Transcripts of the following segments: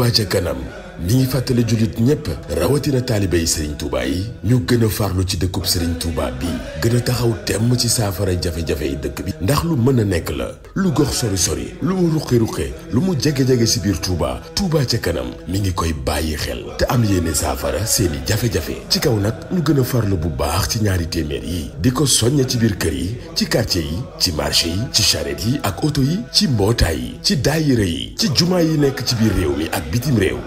Touba ca kanam mi ngi fàttali jullit ñépp rawatina taalibe yi Serigne Touba yi ñu gën a farlu ci dëkkub Serigne Touba bi gën a taxaw temm ci saafara jafe-jafe yi dëkk bi ndax lu mën a nekk la lu gox sori-sori lu mu ruqi-ruqi lu mu jege-jege si biir Touba tuubaa ca kanam mi ngi koy bàyyi xel te am yéene saafara seeni jafe-jafe ci kaw nag ñu gën a farlu bu baax ci ñaari téeméer yi di ko soñña ci biir kër yi ci quartier yi ci marché yi ci charrette yi ak oto yi ci mbootaay yi ci daayira yi ci jumaa yi nekk ci biir réew mi ak bitim réew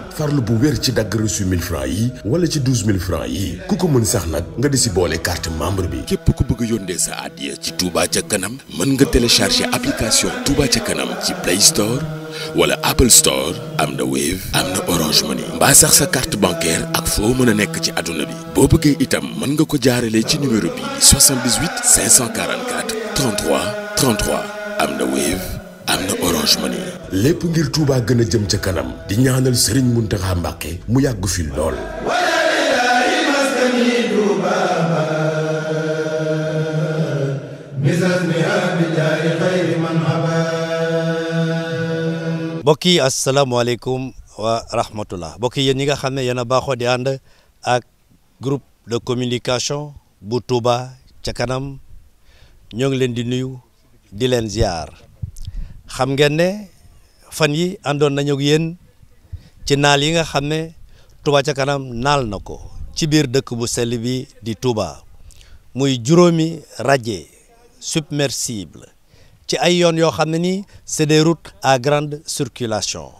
bu wér ci dagg reçu 1000 francs yi wala ci 12000 francs yi ku ko mën sax nak nga di si boole carte membre bi képp ku bëgg yondé sa adiya ci Touba ci kanam mën nga télécharger application Touba ci kanam ci Play Store wala Apple Store am na Wave am na Orange Money ba sax sa carte bancaire ak fo mën a nekk ci aduna bi bo bëggee itam mën nga ko jaaralee ci numéro bi 78 544 33 33 am na Wave lépp ngir tuuba gën a jëm ca kanam di ñaanal Serigne Mountakha Mbacké mu yàgg fi lool. mbokk yi asalaamaaleykum wa rahmatullah mbokk yi ñi nga xam ne yéen a baaxoo di ànd ak groupe de communication bu Touba ca kanam ñoo ngi leen di nuyu di leen ziar. xam ngeen ne fan yi àndoon nañu ak yéen ci naal yi nga xam ne ca kanam naal na ko ci biir dëkk bu sell bi di tuba, muy juróomi raje submersible ci ay yoon yoo xam ne ni c'est des routes à grande circulation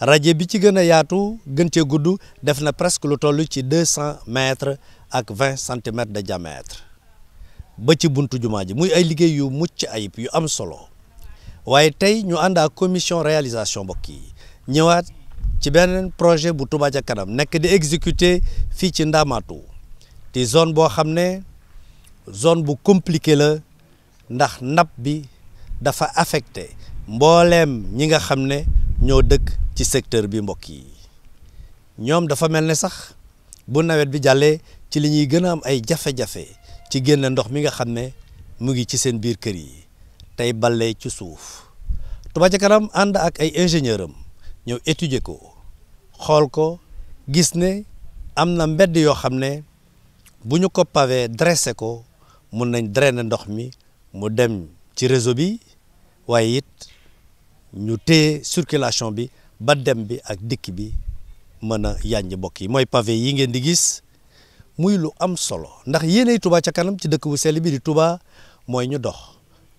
Raje bi ci gën a yaatu gën cee gudd def na presque lu toll ci 200 ak 20 centimètres de diamètre ba ci buntu jumaa ji muy ay liggéey yu mucc ayib yu am solo waaye tey ñu ànd ak commission réalisation mbokk yi ñëwaat ci benn projet bu Touba ca kanam nekk di exécuter fii ci Ndamatu ti zone boo xam ne zone bu compliqué la ndax napp bi dafa affecté mbooleem ñi nga xam ne ñoo dëkk ci secteur bi mbokk yi ñoom dafa mel ne sax bu nawet bi jàllee ci li ñuy gën a am ay jafe-jafe ci génn ndox mi nga xam ne mu ngi ci seen biir kër yi tey bale ci suuf Touba ca kanam ànd ak ay ingénieur am ñëw étudier ko xool ko gis ne am na mbedd yoo xam ne bu ñu ko pavé dressé ko mun nañ drainer ndox mi mu dem ci réseau bi waaye it ñu téye surculation bi ba dem bi ak dikk bi mën a yàññ mbokk yi mooy pavé yi ngeen di gis muy lu am solo ndax yéenay tubaa ca kanam ci dëkk bu sell bi di tubaa mooy ñu dox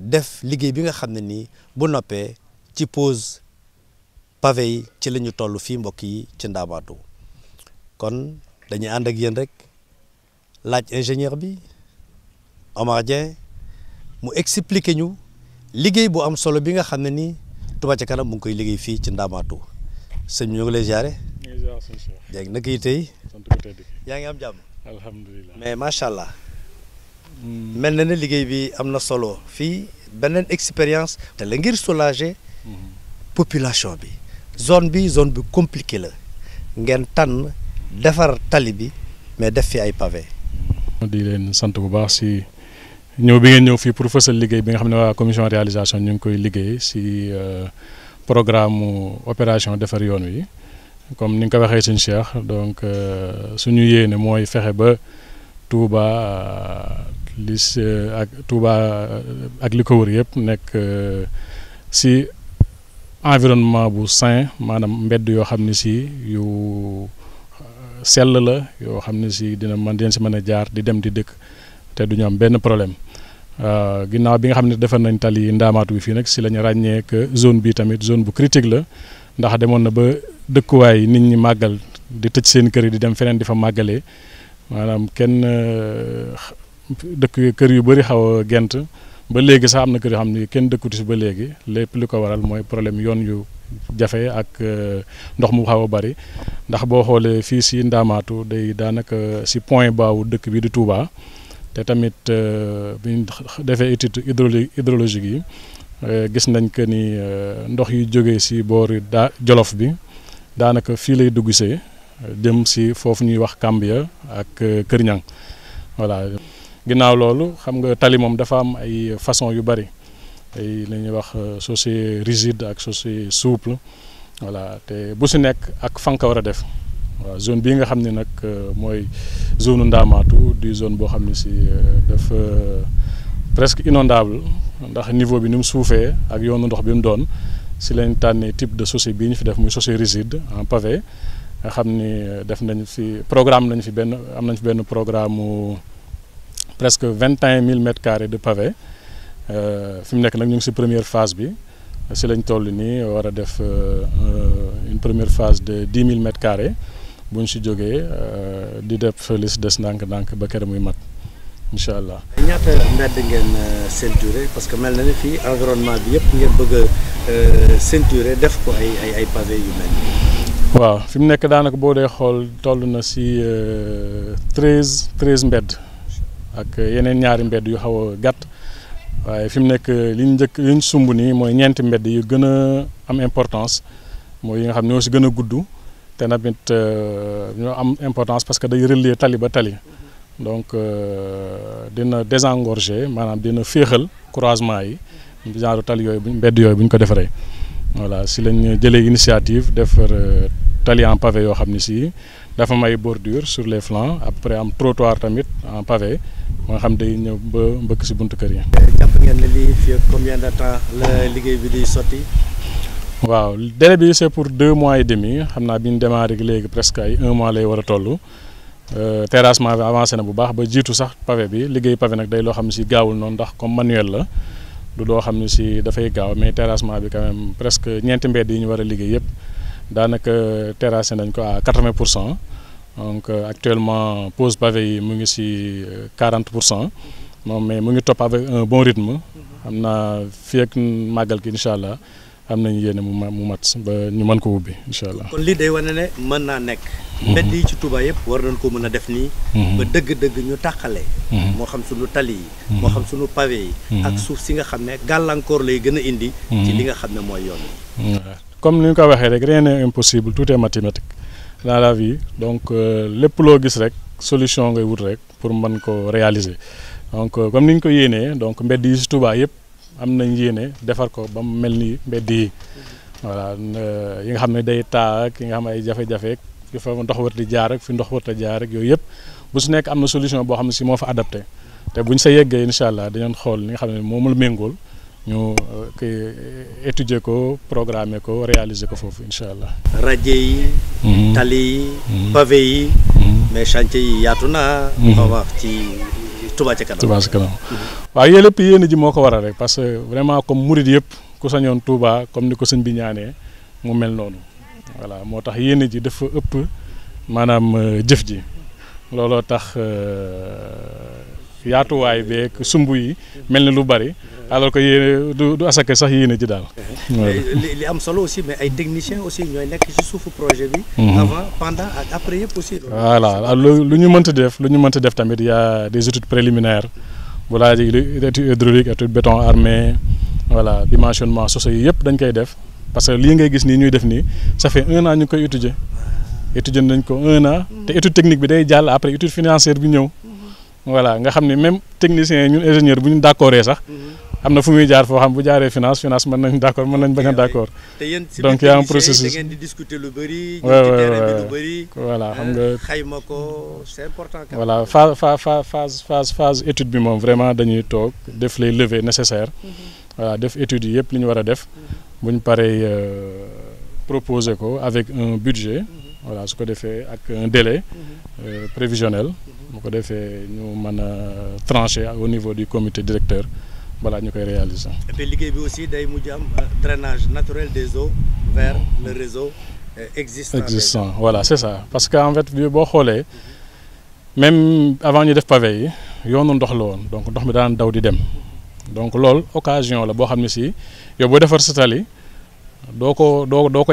def liggéey bi nga xam ne nii bu noppee ci pose pavé yi ci lañu ñu toll fii mbokk yi ci ndaamaatu kon dañuy ànd ak yéen rek laaj ingénieur bi Omar Dieng mu expliquer ñu liggéey boo am solo bi nga xam ne nii Touba ca kanam mu ngi koy liggéey fii ci ndaamaatu sëñ bi ñu ngi lay ziare. ñu ngi ziare sëñ yaa ngi am jàmm. alhamdulilah mais macha allah. mel na ne liggéey bi am na solo fii beneen expérience te la ngir soulager population bi zone bi zone bi compliqué la ngeen tànn defar tali bi mais def fi ay pavé di leen sant bu baax si ñëw bi ngeen ñëw fii pour fësal liggéey bi nga xam ne waa commission réalisation ñu ngi koy liggéey si euh, programme opération defar yoon wi comme ni nga ko waxee suñu Cheikh donc euh, suñu yéene mooy fexe ba Touba euh, li si eh, ak Touba eh, ak li ko wër yëpp nekk eh, si environnement bu sain maanaam mbedd yoo xam ne si yu sell la yoo xam ne si dina man dina si mën a jaar di dem di dëkk te du ñu am benn problème ginnaaw bi nga xam ne defar nañ tali ndaamaatu bi fii nag si lañu ñu zone bi tamit zone bu critique la ndax demoon na ba dëkkuwaay nit ñi màggal di tëj seen kër yi di dem feneen di fa màggalee maanaam kenn dëkk kër yu bëri xaw a gent ba léegi sax am na kër yoo xam ni kenn dëkkutu si ba léegi lépp li ko waral mooy problème yoon yu jafe ak euh, ndox mu xaw a bëri ndax boo xoolee fii si ndaamaatu day daanaka si point baawu dëkk bi di Touba te tamit euh, bi ñu defee étude hydrologique hydrologique yi euh, gis nañ que ni ndox yi jóge si boori daa Jolof bi daanaka fii lay dugg see jëm si foofu ñuy wax Kambia ak Kër Ñang voilà ginnaaw loolu xam nga tali moom dafa am ay façon yu bari ay li ñuy wax euh, chaussée rigide ak chaussée souple voilà te bu si nekk ak fan war a def waaw zone bii nga xam ne nag euh, mooy zone Ndaamaatu di zone boo xam ne si euh, dafa presque inondable ndax niveau bi ni mu suufee ak yoonu ndox bi mu doon si lañ tànnee type de chaussée bii ñu fi def muy chaussée rigide en pavé nga xam ni def nañ fi programme nañ fi benn am nañ fi benn programme presque vingt et un mille mètres carrés de pavé euh, fi mu nekk nag ñu ngi si première phase bi si lañ toll nii war a def euh, une première phase de dix mille mètres carrés bu ñu si jógee euh, di def li si des ndànk-ndànk ba kër muy mat incha allah. ñaata mbedd ngeen ceinturé parce que mel na ni fii environnement bi yëpp ngeen bëgg a ceinturé def ko ay ay ay pavé yu mel waaw fi mu nekk daanaka boo dee xool toll na si treize treize mbedd. ak yeneen ñaari mbedd yu xaw a gàtt waaye fi mu nekk liñ njëkk li sumb nii mooy ñeenti mbedd yu gën a am importance mooy yi nga xam ne ñoo si gën a gudd te tamit euh, ñoo am importance parce que day relier tali ba tali donc euh, dina désengorger maanaam dina féexal croisement yi genre tali yooyu mbedd yooyu bu ñu ko defaree. voilà si lañ jëlee initiative defar euh, tali en pavé yoo xam ne si dafa may bordure sur les flancs après am trottoir tamit en pavé moo xam day ñëw ba mbëkk si buntu kër yi. jàpp ngeen ne lii fii combien de temps la liggéey bi di sotti. waaw délai bi c'est pour deux mois et demi xam naa bi ñu démarré léegi presque ay un mois lay war a toll euh, terrassement bi avancé na bu baax ba jiitu sax pavé bi liggéey pavé nag day loo xam si gaawul noonu ndax comme manuel la du doo xam ne si dafay gaaw mais terrassement bi quand même presque ñeenti mbedd yi ñu war a liggéey yëpp daanaka terrassé nañ ko à quatre pour cent donc euh, actuellement pose pavé yi mu ngi si 40 euh, pour cent moom mais mu ngi topp avec un bon rythme xam naa fii ak màggal ki incha allah. am nañu yéene mu mu mat ba ñu man ko ubbi incha allah. kon lii day wane ne mën naa nekk. Mhm. mbedd yi ci Touba yëpp war nañ ko mën a def nii. Mhm. ba dëgg-dëgg ñu tàqale. Mhm. moo xam suñu tali yi. moo xam suñu pavé yi. ak suuf si nga xam ne gàllankoor lay gën a indi. ci li nga xam ne mooy yoon comme ni ñu ko waxee rek rien n'est impossible tout est mathématique dans la vie donc euh, lépp loo gis rek solution ngay wut rek pour mën ko réaliser donc euh, comme ni ñu ko yéenee donc mbedd yi yëpp. am nañ yéene defar ko ba mu mel ni mbedd yi voilà euh, yi nga xam ne day taa ak yi nga xam ne ay jafe-jafe fi fa ndox wër di jaar rek fi ndox wër jaar ak yooyu yëpp bu su nekk am na solution boo xam ne si moo fa adapté te buñ sa yeggee incha allah dañoon xool li nga xam ne moom la méngool ñu euh, euh, étudier ko programmer ko réaliser ko foofu incha allah. rajo yi. Mhm. tali yi. Mhm. pavé yi. Mhm. mais chantier yi yaatu naa. ma wax ci. Touba ca kanam Touba ca kanam waaw yooyu lépp yéen ji moo ko waral rek parce que vraiment comme murid yëpp ku sañoon Touba comme ni ko sëñ bi ñaanee mu mel noonu voilà moo tax yéen ji dafa ëpp maanaam euh, jëf ji looloo tax euh, yaatuwaay beeg sumb yi melni lu bari alors que yéen du du asaka sax yéen a ji dal li am solo aussi mais ay techniciens aussi ñoy nek ci suufu projet bi. Mhm. avant pendant ak après yëpp aussi. voilà lu ñu mënta def lu ñu mënta def tamit ya des études préliminaires voilà laa ji hydraulique étude béton armé voilà dimensionnement soso yi dañ koy def parce que li ngay gis ni ñuy def ni ça fait un an ñu koy étudier étudier nañ ko un an mm. te étude technique bi day jall après étude financière bi ñew voilà nga xam même technicien ñun ingénieur bu ñu d' accordee sax mhm. am na fu muy jaar fo xam bu jaaré finance finance mën nañ d'accord accord mën nañ bañ d'accord d' accord donc y' a un processus ngeen di discuter lu bari ñu di bi lu bari voilà xam euh, nga xayma ko c'est important important voilà phase phase phase phase étude bi moom vraiment dañuy tok def les levées nécessaires mhm. voilà def étude yépp yëpp li ñu war def mhm. bu paré paree euh, proposer ko avec un budget voilà su ko defee ak un délai euh, prévisionnel bu ko defee ñu tranche au niveau du comité directeur balaa ñu koy réaliser. et puis liggéey bi aussi day mujj am euh, drainage naturel des eaux vers le réseau euh, existant. existant voilà c'est ça parce que en fait bi boo xoolee même avant ñu def pavé yi yoonu ndox la woon donc ndox mi daan daw di dem donc lool occasion la boo xam ne si yow boo defar sa tali doo ko doo doo ko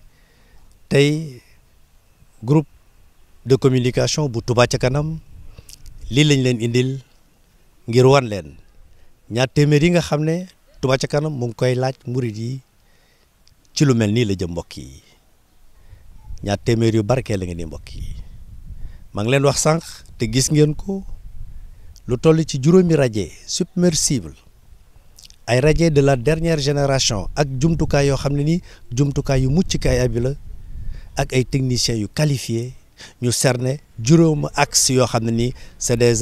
tay groupe de communication bu Touba ca kanam li lañ leen indil ngir wan leen ñaar téeméer yi nga xamné Touba ca kanam mu koy laaj mourid yi ci lu mel la jëm mbokk yi ñaar yu barké la ni mbokk yi ngi leen wax sank te gis ngeen ko lu toll ci juróomi submersible ay de la dernière génération ak jumtukaay yoo xam ne ni jumtukaay yu mucc kaay ak ay techniciens qualifiés nous des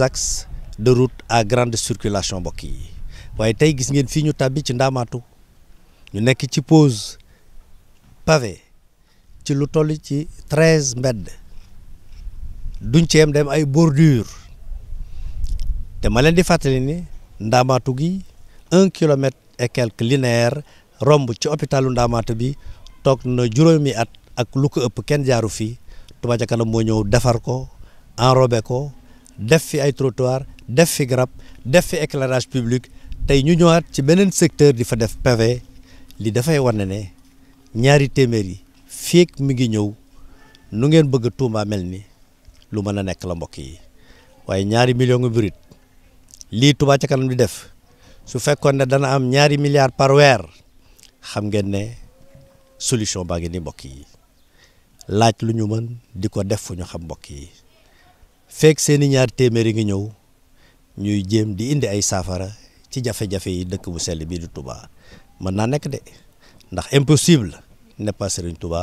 axes de route à grande circulation mbokk yi waaye gis ngeen fii ñu tàbbi ci ndaamaatu ñu nekk ci pause pavé ci lu duñ dem bordure di kilomètre et quelques ci hôpitalu bi na ak lu ko ëpp kenn jaaru fii tuba ca kanam moo ñëw defar ko enrobé ko def fi ay trottoir def fi garab def fi éclairage public tey ñu ñëwaat ci beneen secteur di fa def pavé li dafay wane ne ñaari téeméer yi feek mi ngi ñëw nu ngeen bëgg Touba mel ni lu mën a nekk la mbokk yi waaye ñaari million ngi burit lii tuba ca kanam di def su fekkoon ne dana am ñaari milliards par weer xam ngeen ne solution baa ngi ni mbokk yi laaj lu ñu mën di ko def fu ñu xam mbokk yi feek seeni ñaar téeméer téeméeri ngi ñëw ñuy jéem di indi ay saafara ci jafe-jafe yi dëkk bu selli bii di Touba mën naa nekk de ndax impossible n'est pas Serigne Touba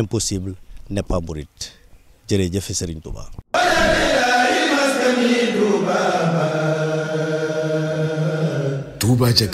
impossible n'est pas jëre jërëjëf sëriñ Touba. Touba ca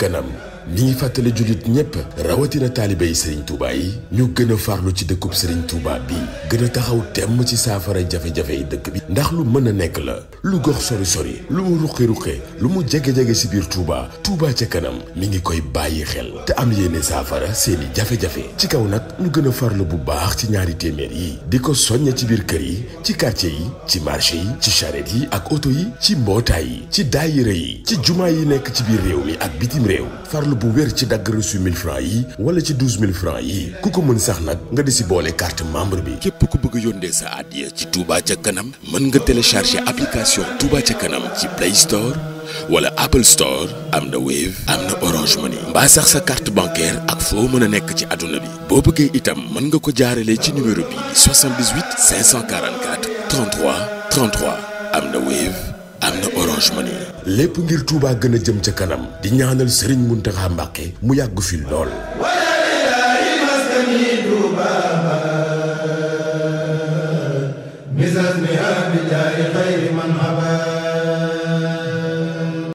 mi ngi fàttali jullit ñépp rawatina taalibe yi Serigne Touba yi ñu gën a farlu ci dëkkub Serigne Touba bi gën a taxaw temm ci saafara jafe-jafe yi dëkk bi ndax lu mën a nekk la lu gox sori-sori lu mu ruqi-ruqi lu mu jege-jege si biir Touba tuubaa ca kanam mi ngi koy bàyyi xel te am yéene saafara seeni jafe-jafe ci kaw nag ñu gën a farlu bu baax ci ñaari téeméer yi di ko soñña ci biir kër yi ci quartier yi ci marché yi ci charrette yi ak oto yi ci mbootaay yi ci daayira yi ci jumaa yi nekk ci biir réew mi ak bitim réew bu wér ci dagg reçu 1000 francs yi wala ci 12000 francs yi ku ko mën sax nak nga di si boole carte membre bi. képp ku bëgg yondé sa adiya ci Touba ci kanam mën nga télécharger application Touba ci kanam ci Play Store wala Apple Store am na Wave am na Orange Money mbaa sax sa carte bancaire ak fo mën Nek, nekk ci aduna bi bo bëggee itam mën nga ko jaaralee ci numéro bi 78 544 33 33 am na Wave. am na orange money lépp ngir tuubaa gëna jëm ca kanam di ñaanal Serigne Mountakha Mbacké mu yàgg fi lool